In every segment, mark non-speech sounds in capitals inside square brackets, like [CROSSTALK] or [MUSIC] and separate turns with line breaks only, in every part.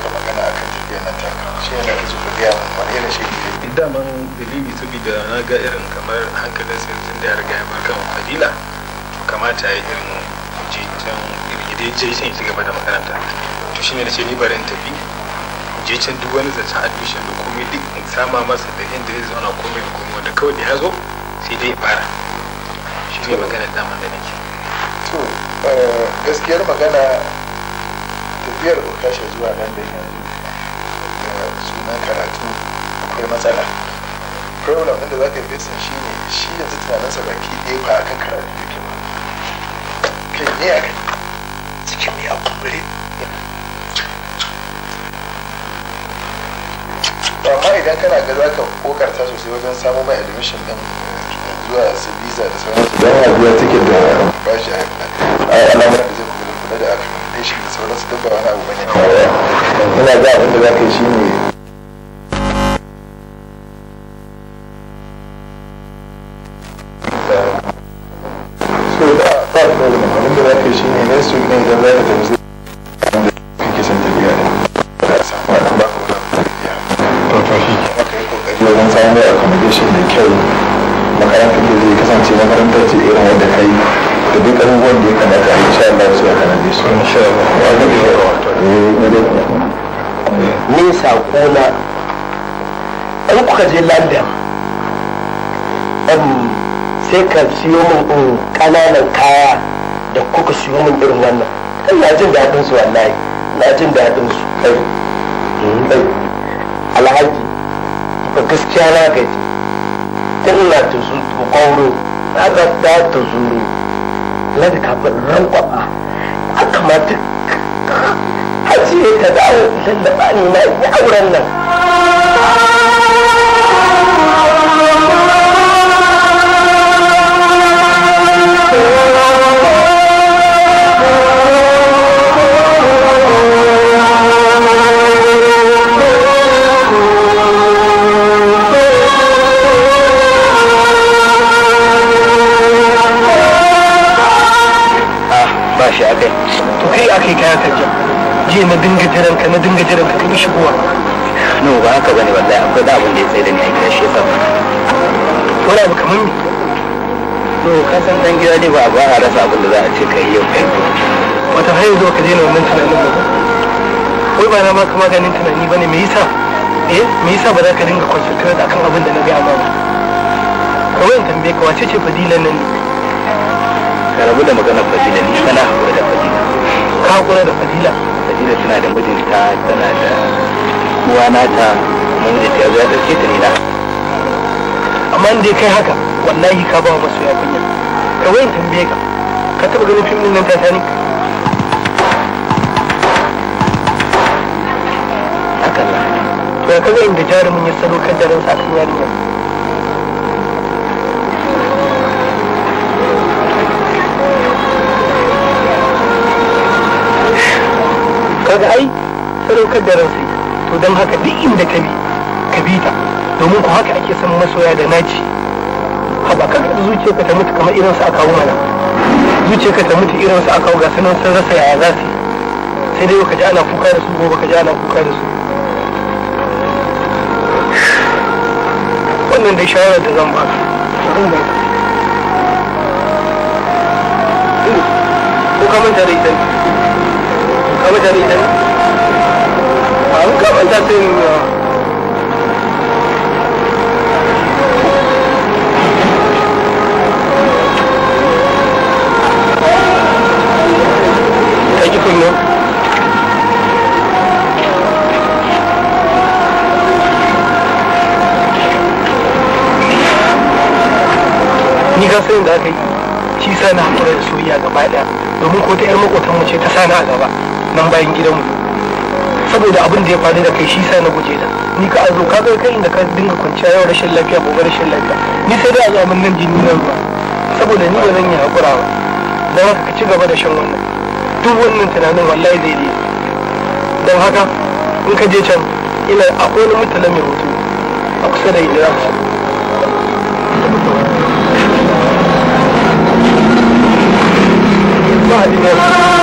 maka magana akan tafiyar nan taka shi ne nake zuwa gaya min wani irin shi ne eh, daman dalili saboda na ga irin kamar hankalin sa yanzu da ya riga ya bar kan fadila to kamata ya irin je irin da ya je can ya ci gaba da makaranta to shi ne da ce ni bari in tafi je can duk wani zancen admission da komai duk in sama masa da inda zai zauna komai da komai wanda kawai da ya zo sai dai fara shi ne magana daman da nake to eh, gaskiyar magana ko tashi zuwa nan da yanzu sunan karatu akwai matsala problem inda za ka fesin shi ne shi yanzu tunaninsa baki ɗaya ba akan karatu yake ba kai ne a kai cikin ya kumbure amma idan kana ga za ka kokarta sosai wajen samun mai admission ɗin eh, zuwa su visa da sauransu don abuwa take da bashi a alamar da zai kula da aka sauransu duk ba wani abu bane ina ga abin da za ka yi shine muka je london sai ka siyo min kananan kaya da kuka siyo min irin wannan kan na jin daɗin su wallahi na jin daɗin su kai kai alhaji ka gaskiya na gaji tun na ta zuru kwauro na ga ta ta zuru na da kafin ran kwaba a kamata
hajiye ta dawo da ba ni na yi auren nan
shi a kai to kai a kai kaya kan jiya na dinga jiran ka na dinga jiran ka kai shigowa no ba haka bane wallahi akwai da abin da ya tsaye da ni a gida shi yasa wani ba kamar ni to ka san dan gida ne ba ba a rasa abin da za a ce kai yau kai wata hanyar yanzu ka daina wannan tunanin ba wai ba na ma kuma ganin tunani bane me yasa eh me yasa ba za ka dinga concentrate akan abin da na ga a ba kawai in tambaye ka wace ce fadilan nan ne ka rabu da maganar fadila ni kana hakura da fadila ka hakura da fadila fadila tana da mijinta tana da uwa nata mijinta ya zo ɗauke ta ne na amma in dai kai haka wallahi ka ba masu ya kunya ka wayin tambaye ka ka taɓa ganin fim ɗin nan titanic haka ne to ya kaga inda jarumin ya sadaukar kan ransa kan yarinyar kaga ai sadaukar da ransa to don haka duk inda ka bi ka bi ta domin ku haka ake son masoya da naci haba kaga da zuciya ka ta mutu kamar irin su aka mana zuciya ka ta mutu irin su aka ga sanan sun rasa yaya za su sai dai ka ji ana kuka da su gobe ka ji ana kuka da su wannan dai shawarar da zan ba ka ko ka manta da ita wani gari ne an kamanta sai uh, ni ga sanin da aka yi shi na haƙura da soyayya gaba domin ko ta 'yar makotan mu ce ta ni a gaba nan bayan gidanmu saboda abin da ya faru da kai shi sa na guje da ni ka azo ka ga kai inda ka dinga kwanciya yau rashin lafiya gobe rashin lafiya ni sai dai a zo nan jini nan ba saboda ni ba zan yi hakura ba dan haka ka ci gaba da shan wannan duk wannan tunanin wallahi zai yi dan haka in ka je can ina akwai wani mutane mai hoto a kusa da Idris Bye,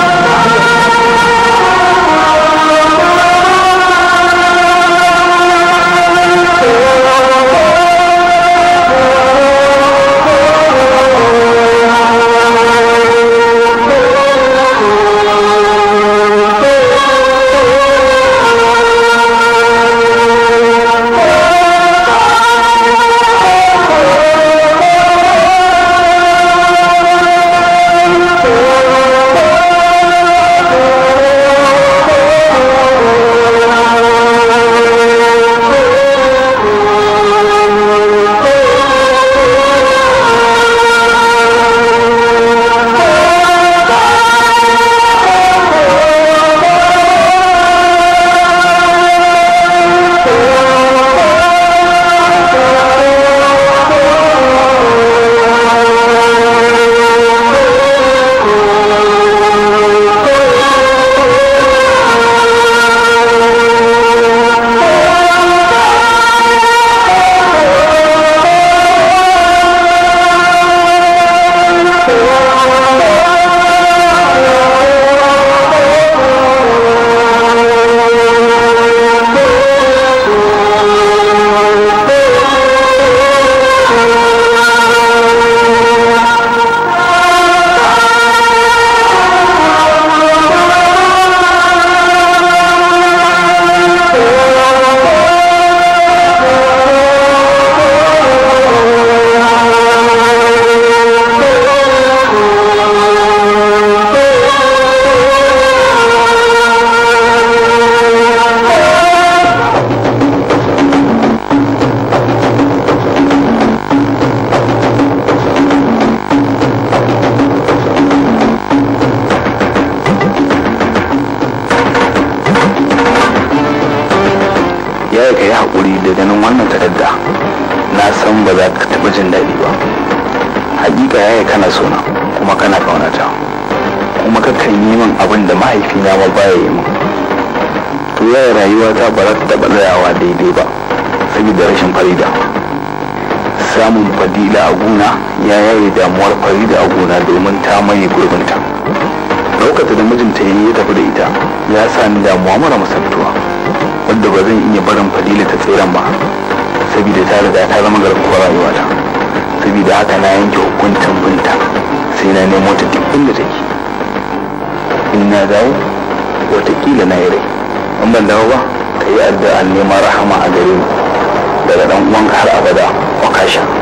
taɓa jin daɗi ba hakika yaya kana sona kuma kana ƙaunata kuma kakan yi min abin da mahaifina ma baya yi min to yaya rayuwa ta ba za ta taɓa tsayawa daidai ba saboda rashin farida samun fadila a gona ya yaye damuwar farida a gona domin ta maye gurbinta lokacin da mijinta ya tafi da ita ya sa ni damuwa mara misaltuwa wadda ba zan iya barin fadila ta tseren ba saboda ta riga ta zama garkuwar rayuwata saboda haka na yanke hukuncin binta sai na nemo ta duk inda take in na dawo watakila na yi rai in ban dawo ba ka yi addu'a neman rahama a gare mu daga dan uwanka har abada wa kashin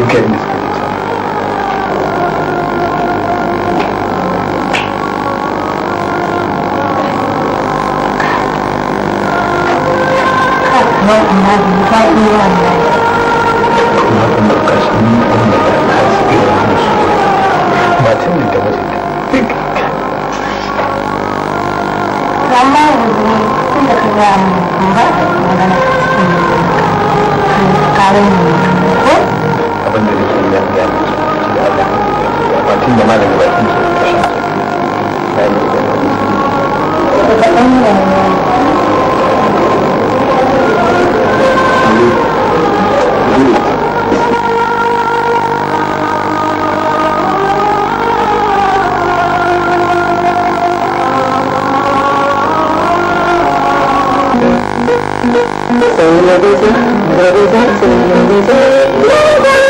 You get me.
Thank you.
abin da nake yi ya fi da
Allah bakin da malami bakin su ta shi
bayan da ya
Thank you.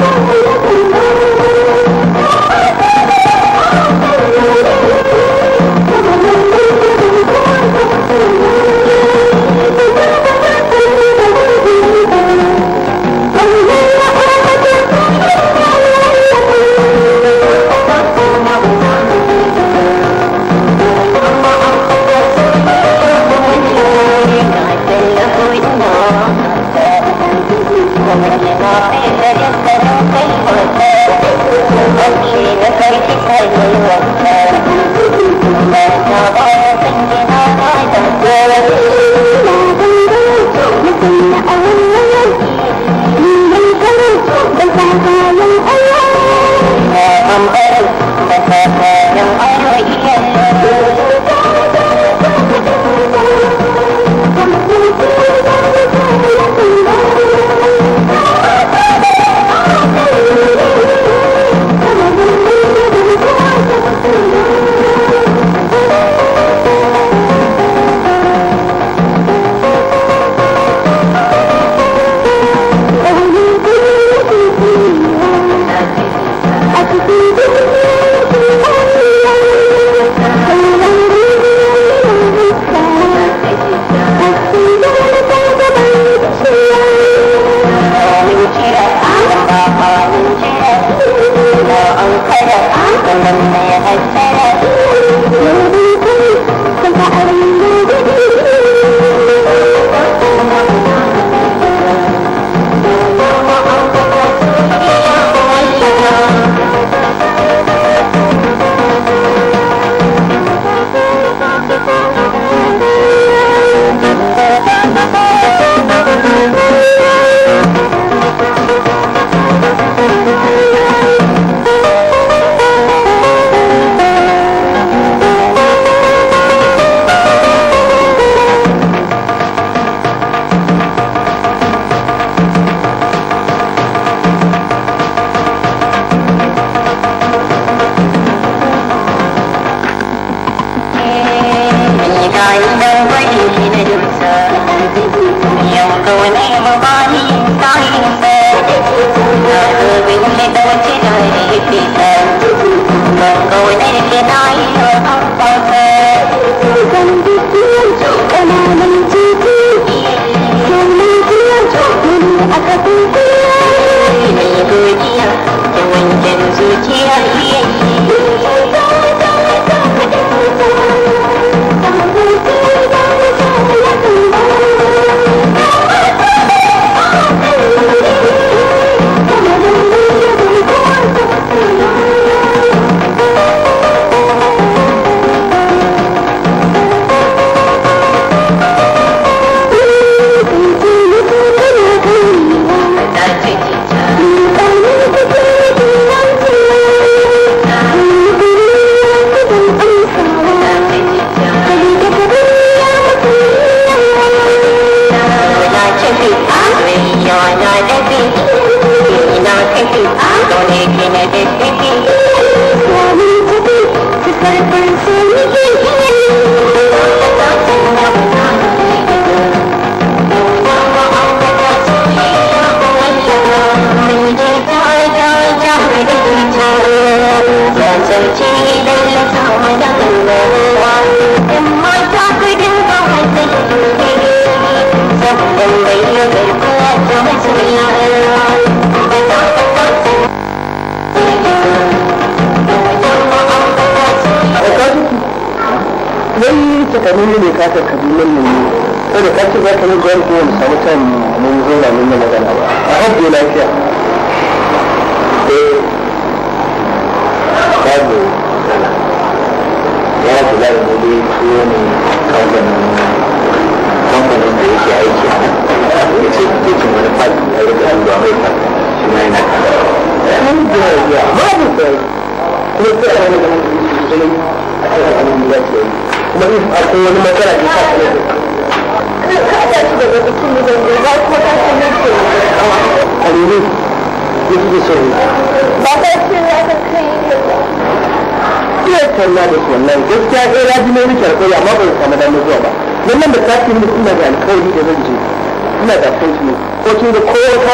Oh, my God.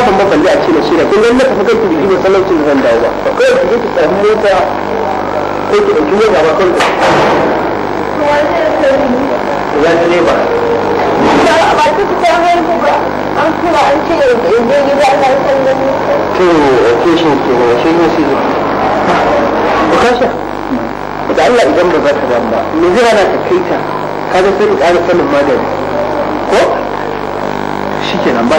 tufafin ba a ce da shi da kullum na tafi kai ku biki cikin zan dawo ba kawai ku je ku mota ko ki ɗauki ba kawai ya ji ne ba ba to shi ke ne ne shi ne ku da Allah idan za ka ba me zai hana ka kai ta ka ga sai ka sanin magani ko ba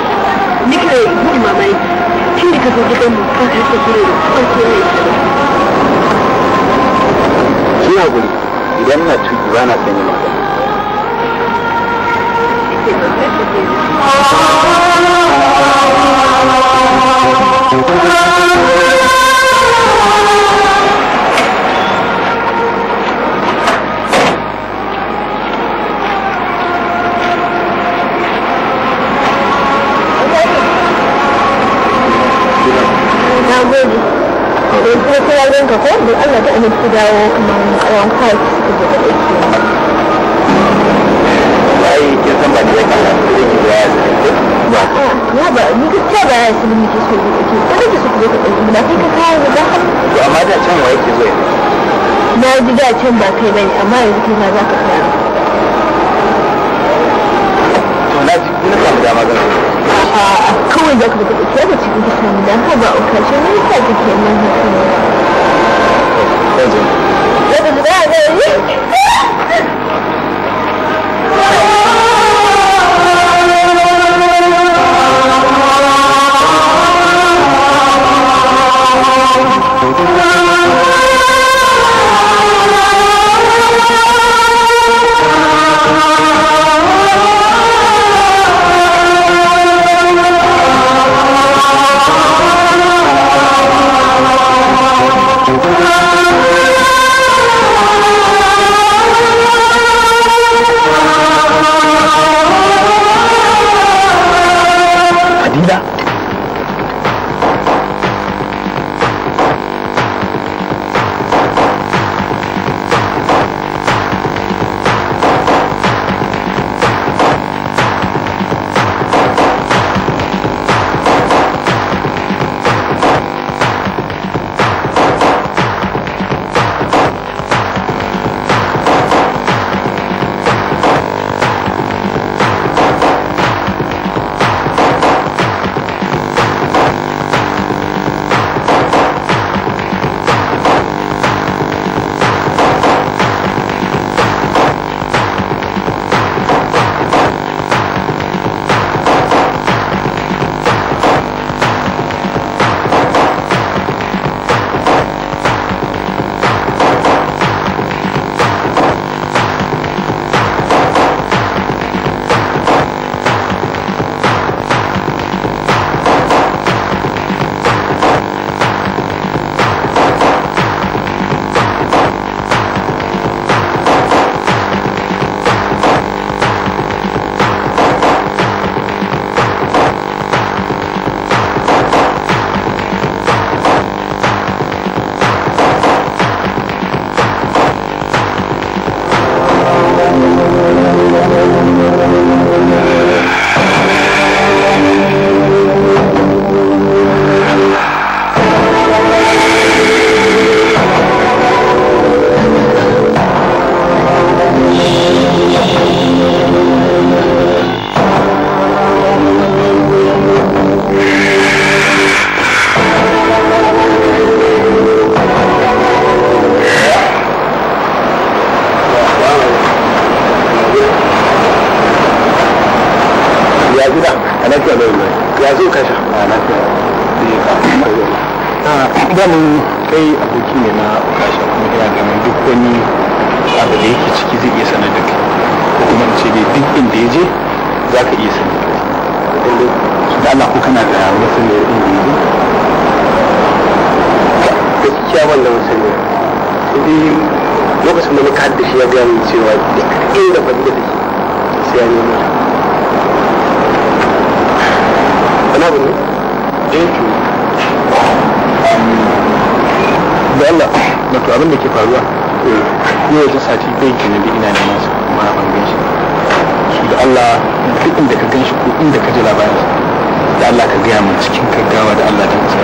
nake yi mamaki
tun da ka zo gidan mu da ne na guri idan na tuki ba na sanya magana Oh, [LAUGHS]
gode don ta kira zan ka ko don Allah ta amince dawo kuma tsawon kai da ta ɗauke ai ke san ba da ya kalla ko da ya ba ya ba ni ka ta ba ya shi ne ke so ke ke kada ki su ku ka ɗauki ba kai ka kawo ba da to
amma da can wai ke zo
na ji da can ba kai bai amma yanzu kai za ka kawo to na ji na samu dama коли доклики підходять, які саме дахова украшені все-таки можна сказати. Пойдем. Я тут рада, Thank you. wato abin da ke
faruwa eh, yau da sati bai ke nabi ina neman masu kuma ban gan shi su da Allah duk inda ka gan shi ko inda ka ji labarin da Allah ka gaya min cikin gaggawa da Allah ta kusa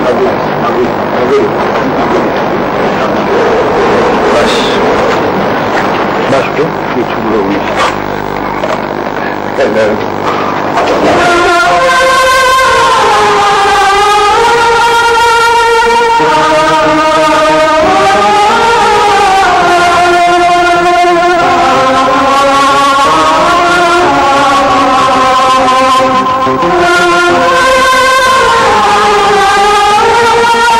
Baş.
Baş bu. Bir çubuğu olmuş. Ellerim. Oh!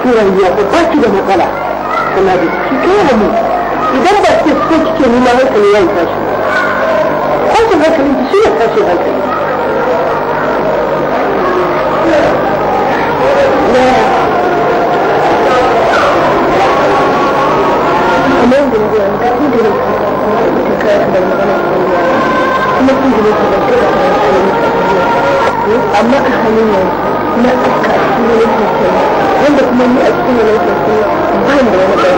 kiran ya ko ba ki da matsala kana da ki kira mu idan ba ki so kike nuna hankali ya tashi kwanci hankali ki shine tashi hankali amma a halin yanzu na tsaka a cikin yankin suna wanda kuma ni a cikin yankin suna wani ɗauka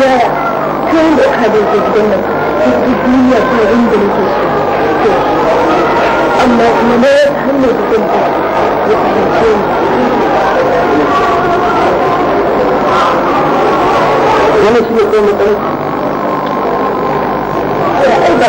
yaya kayan da ka zai gidan nan duk duniya ta inda nake so amma kuma na yau hanyar da zan ba ya fahimce ni wani shi ne kai matsalar ya ai kawai ba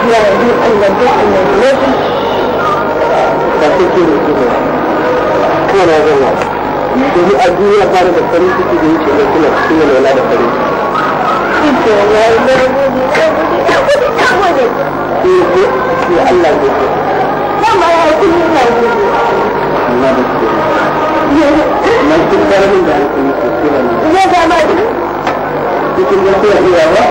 tafiya yanzu annabi annabi ne ba sai ke ne ke kana zama domin a duniya ba da farin ciki da yake da kuma cikin yana da farin ciki Allah ne ke. Dama ya yi kuma ina gudu. Allah da ke. Na cikin karamin da ake yi sosai da ne. Ya zama duk. Cikin gaskiya iyawa?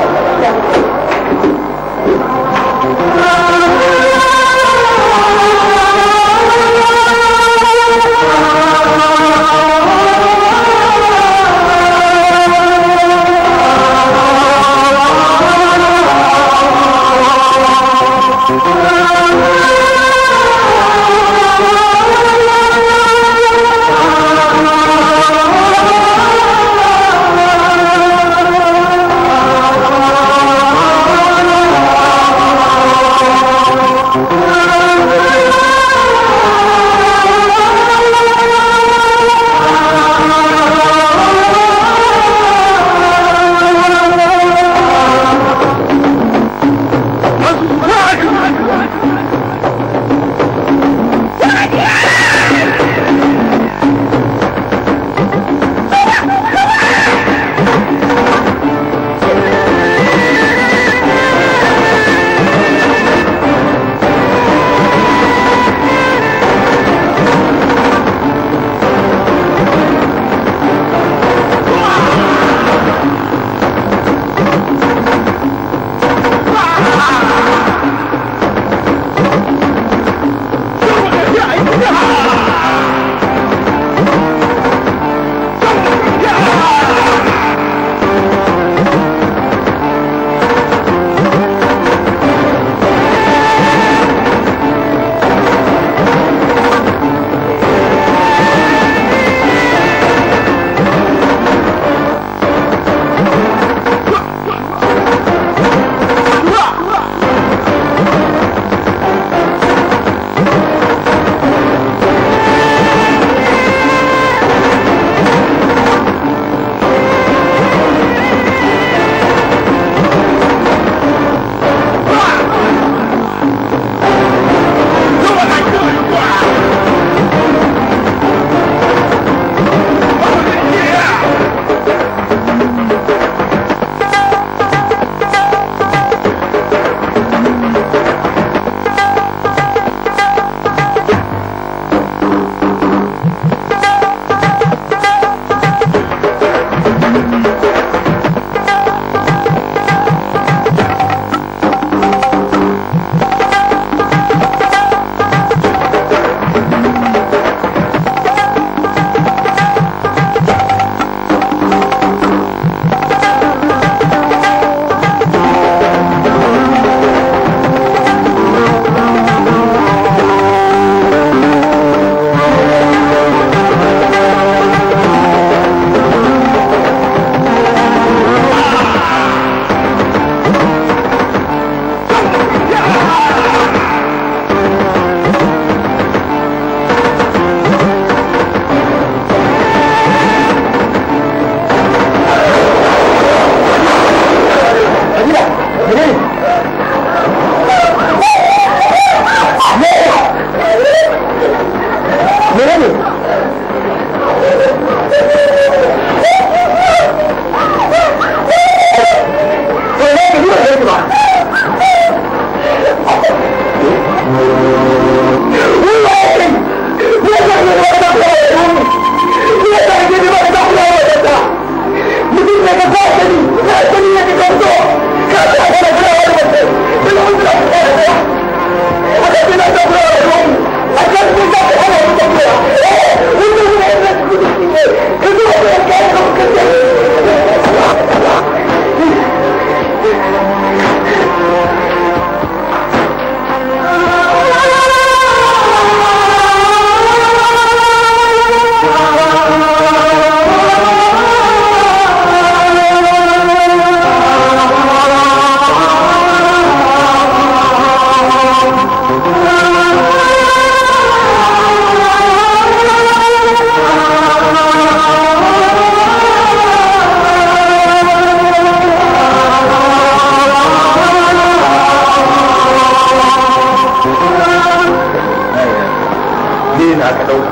na aka dauka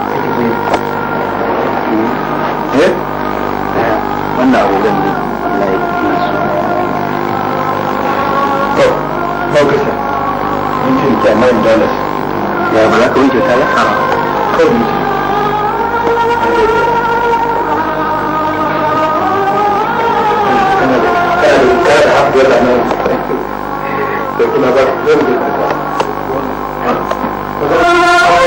eh? wannan ne Allah ya su to ta mai dollars ya ba ka wanke kala a Gracias.
kuma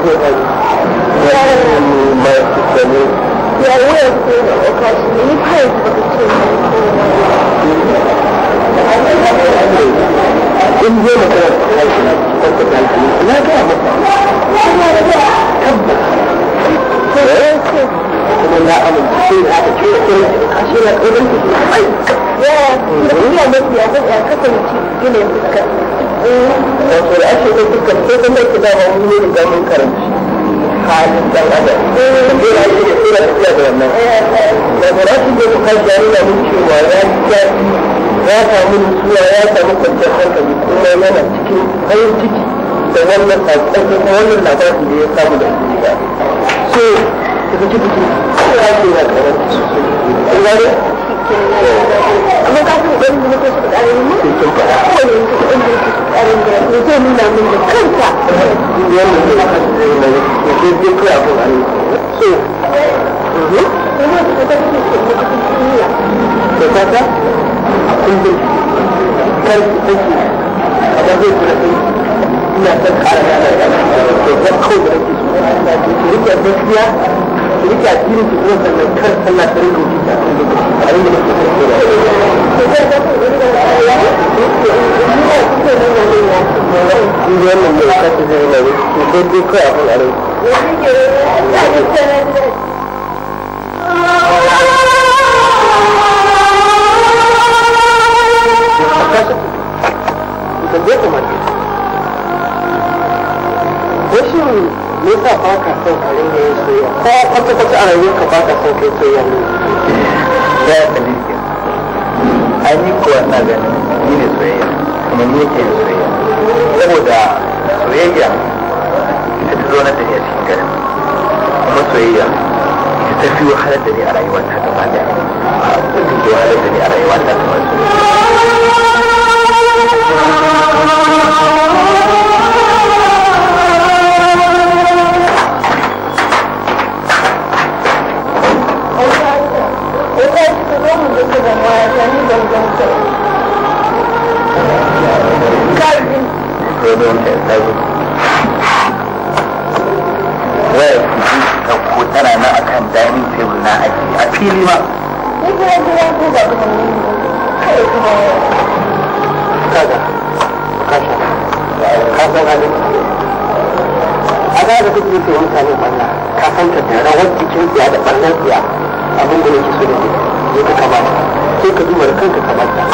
Yeah, we're seeing it, of course. You pay for the two. kuma na amince da ce ya da kuma mafi ya yana yi kai ciki da wannan sakon ko wannan ya samu so amma ka fi ɗan da nake suka da yake suka ƙarin kanta Yeah. su rike addinin su kuma sannan kar sallah ta rike wuce ta cikin lokaci a rinda musu da ke da Thank you. me yasa ba ka son ka rinda yin soyayya ko kwata kwata a rayuwar ba ka son kai soyayya ne ya kalli ke a ni ko ganin ni ne soyayya kuma ni yake yin soyayya saboda
soyayya ita ta zo na da ni a cikin kuma soyayya ita ta fi wahalar da ni a rayuwar ta gaba da ta fi wahalar da a rayuwar ta gaba da
mutumin wasan zanzanta kalbi
waya tana na akan dining table na aji a fili ma
gida gida ko ga kai kuma a ga da kuke ce wanka ne wannan ka san ta da rawar jikin tsiya da ɓarnar tsiya abin da yake so da zo da kaba ko ka duba da kanka ka bata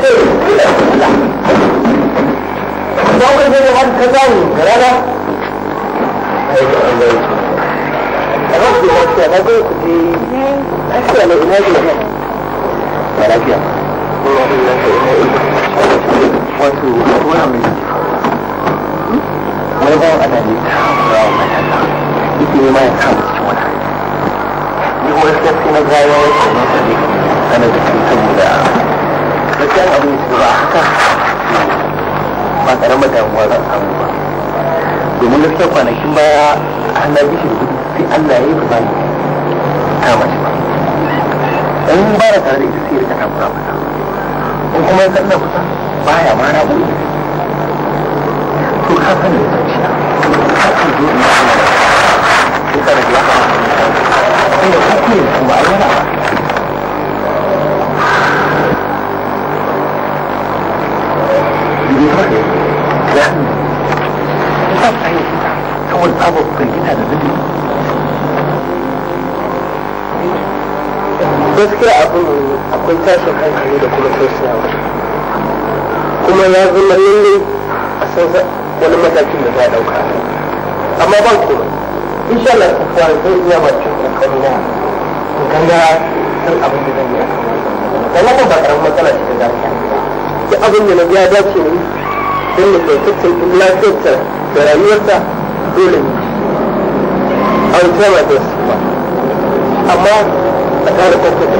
Thank जाओगे मेरे हाथ खजा ही बराबर ربي وسع مدوك دي أسأل إنادي هنا ولكن والله da شيء wato wani mai wani a ana ne ta hawa wa mai hana ita ne ma kama cikin wani ni kuma suka na gaya wa ta ne ta ne ana da cikin saboda gaskiyar abin da haka ba karamar damuwa za a samu ba domin gaskiya kwanakin baya an na bishin gudu sai Allah ya yi ba ne ta mace ba in ba da tare da ita sai rika takura mata in kuma ya sanna kusa baya ma na buɗe to ka sani da shi ka kan zo in ba da ya tsara ya kama sai da kuku ne kuma a yana ba Thank you. tsada kawai tsabar firgita da zubi gaskiya abin akwai tashin hankali da kuma tausayawa kuma ya zama lalle a san wani matakin da za a ɗauka amma ban kuma insha Allah ta fara zai iya bacin kokari na ganga san abin da zan yi a kan wannan ba karamin matsala ce da ta yi da abin da na ya dace ne don ya kyautaccen lafiyarta da rayuwarta dole ne a wuce ba da su ba amma a da hankali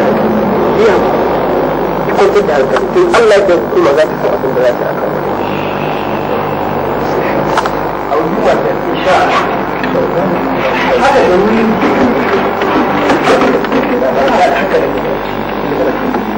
yi hankali kwantar da hankali to Allah da kuma za ta san abin da za ta aka a wuri ba da haka da wuri da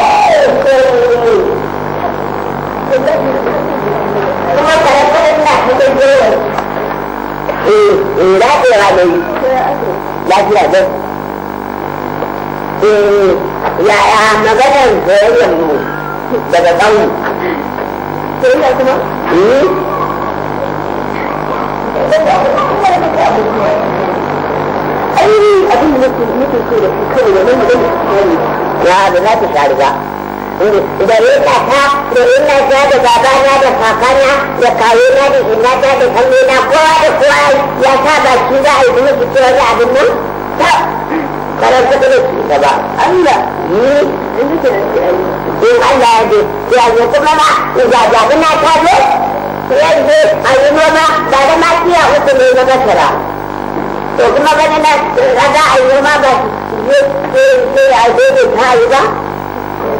kuma karatun na cikin
ne lafiya ne eh da kaka da ina ta da babana da kakana da kawuna da inata da kowa da kowa ya sa baki za a yi kuma su ce wani abin nan karar ta kada su ta ba ni Allah ya je ya je kuma na ya ja kuma ta je yanzu a yi noma ba da ma kiya uku ne na masara to kuma ganin na za a yi noma ba a ta yi ba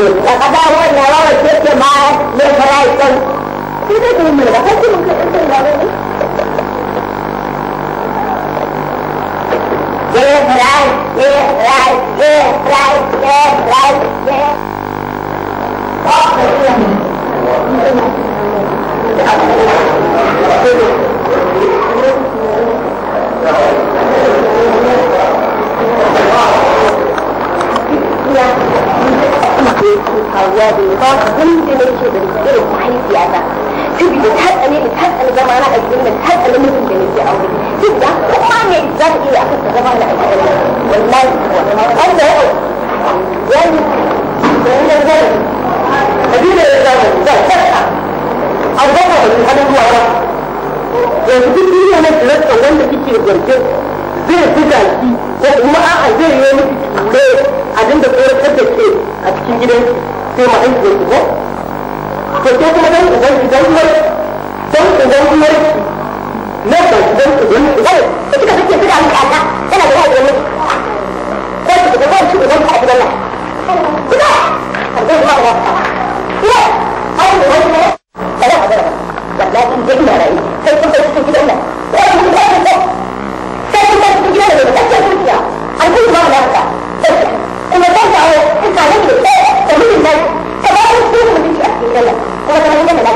وتداولنا ووجدت معه للفرائض كده دي من الحاجات اللي ممكن تقول ايه رايك ايه رايك ايه رايك ايه رايك ايه Thank you. ke faruwa da ni ba wanda nake da irin mahaifiyata saboda ta tsane da ta tsane zama na ajiyar nan ta tsane mutum da nake aure saboda kuma ne za ta iya aka zama na ajiyar nan wallahi an da yau yani wannan zai kabila ya zama zai tsaka an zama wani abubuwa ba yanzu duk duniya na tsirarsa wanda kike zargin zai fi zaki ko kuma a'a zai yi wani kure a da tsoratar da ke a cikin gidan sai ma aiki yake ko to ke kuma dan uban ki dan uwar dan uban uwar ki ku ba ku dan uban uwar ku kika ku kika an kaza tana da wani ko ku zan ku ki uban zan ku nan ku an ga ma wata zan ai mu ku ne kada ka ku zan ku dai ina zan sai kun sai zan ku nan ku zan sai kun sai zan gidan nan da zan ku an kuma zan wata 我我我我。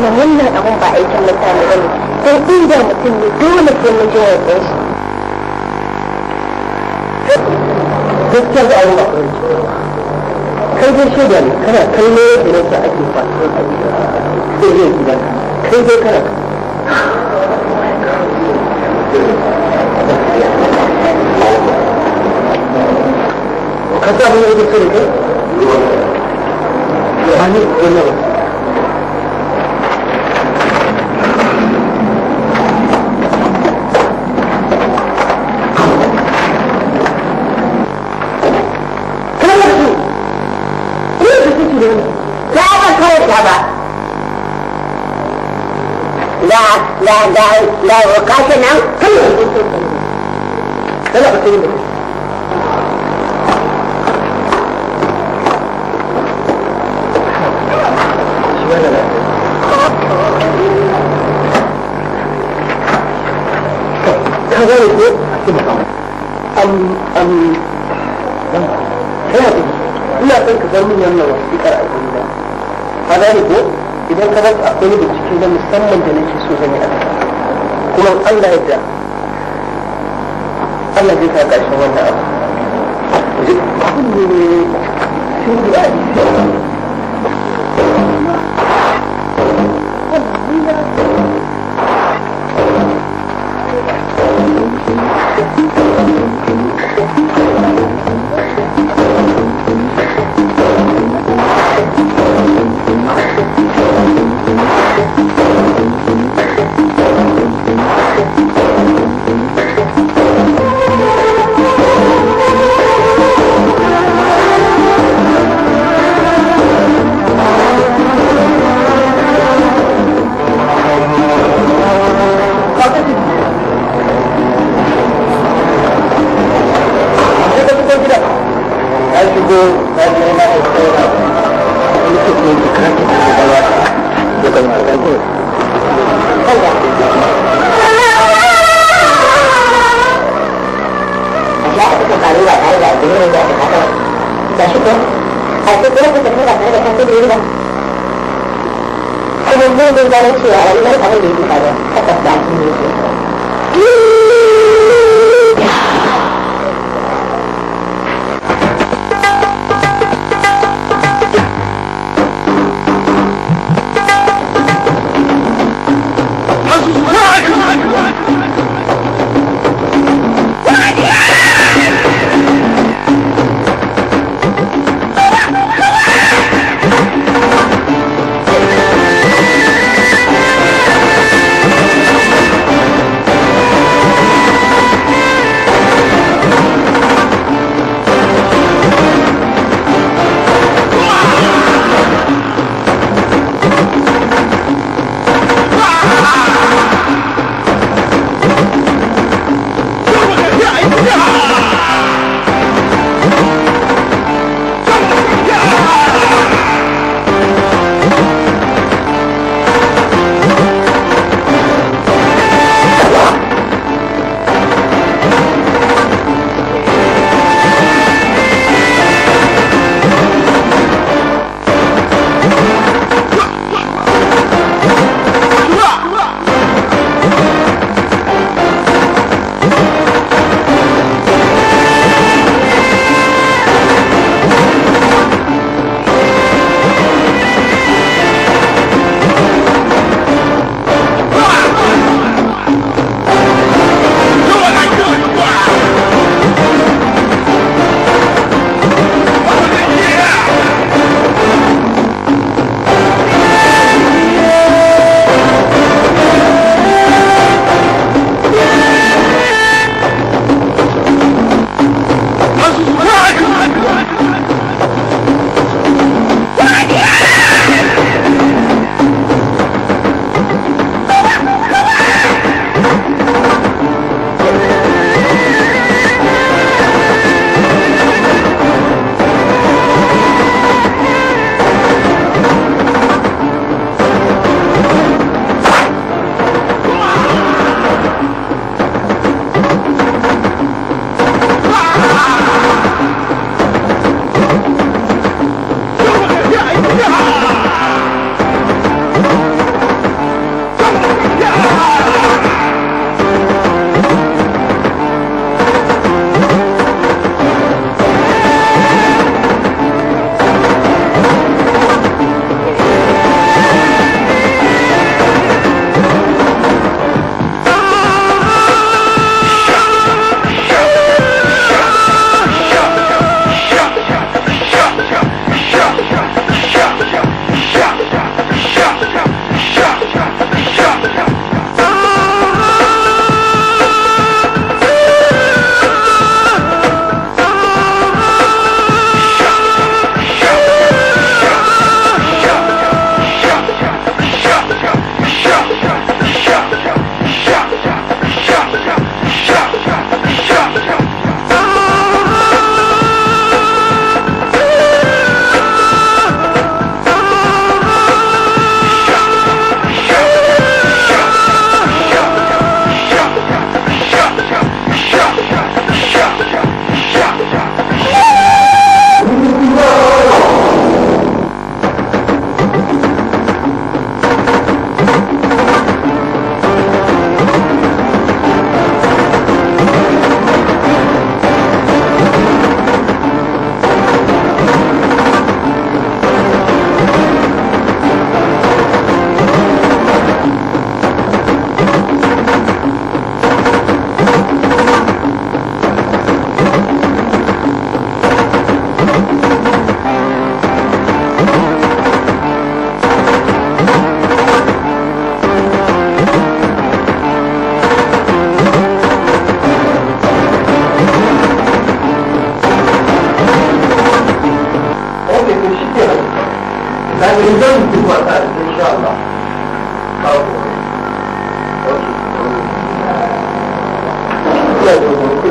ganin wannan abun ba aikin mutane ba ne sai inda mutum ne dole sai shi gaskiya da abin akwai kai dai ne kana kallo ake fasuwar abin zai gidan kai dai kana ka sa abin da yake so kai? da da da ka ce nan kada ku tsaye ka gane idan ka zaka akwai bincike na musamman da nake so zan yi a kuma Allah yadda Allah zai ka ƙarshen wannan abu Thank you. và như vậy đây là những người dạy cả rồi và sức tốt và sức tốt thì chúng ta thấy là không có gì đâu không nên đưa ra đến sự ở đây nó không bị gì cả rồi các tập đoàn không bị gì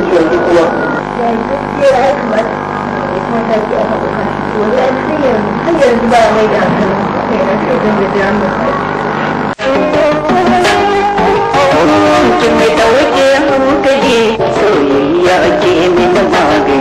yanzu kuma. Yanzu ke ya kamata kuma ta ke aka buka. Wallahi sai yanzu har yanzu ba mai da hankali. Kai na sai zan gaji an buka. Mutum mai ɗauke hankali soyayya ke mini magani.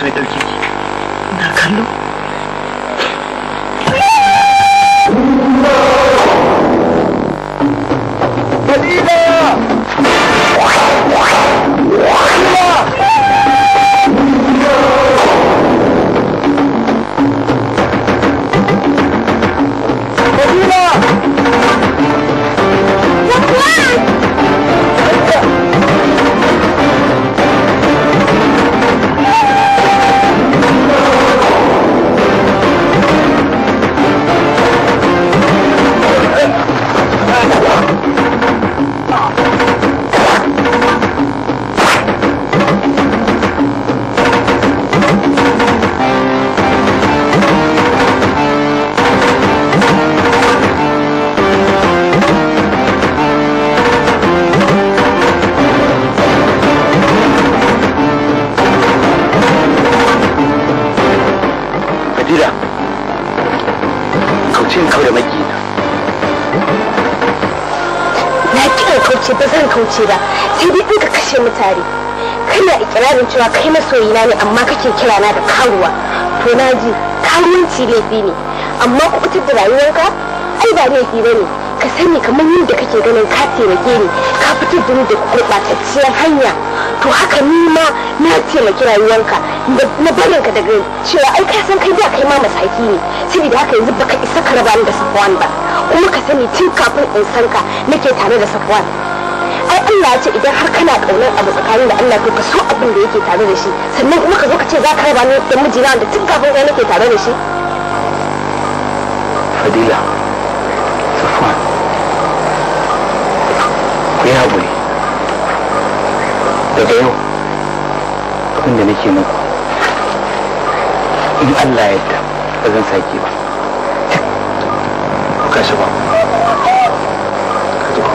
Sweater की ना कर na
kiɗan kauce ba zan kauce ba sai dai in ka kashe mutane kana ikirarin cewa kai masoyina ne amma kake kira na da karuwa to na ji karuwanci laifi ne amma kubutar da rayuwarka ai ba laifi ba ne ka sani kamar yadda kake ganin ka taimake ni ka fitar da ni da gurɓatacciyar hanya to haka ni ma na taimaki rayuwarka na barin ka daga cewa ai ka san kai da kai ma masaki ne saboda haka yanzu baka isa ka raba ni da safuwan ba kuma ka sani tun kafin in san ka nake tare da safwan ai Allah ya ce idan har kana kaunar abu tsakanin da Allah to ka so abin da yake tare da shi sannan kuma ka zo ka ce za ka raba ni da mijina da tun kafin kai nake tare da shi
Fadila Safwan ku yi haƙuri daga yau abin da nake muku in Allah ya yarda ba zan sake ba 干什么？开走吧，走吧。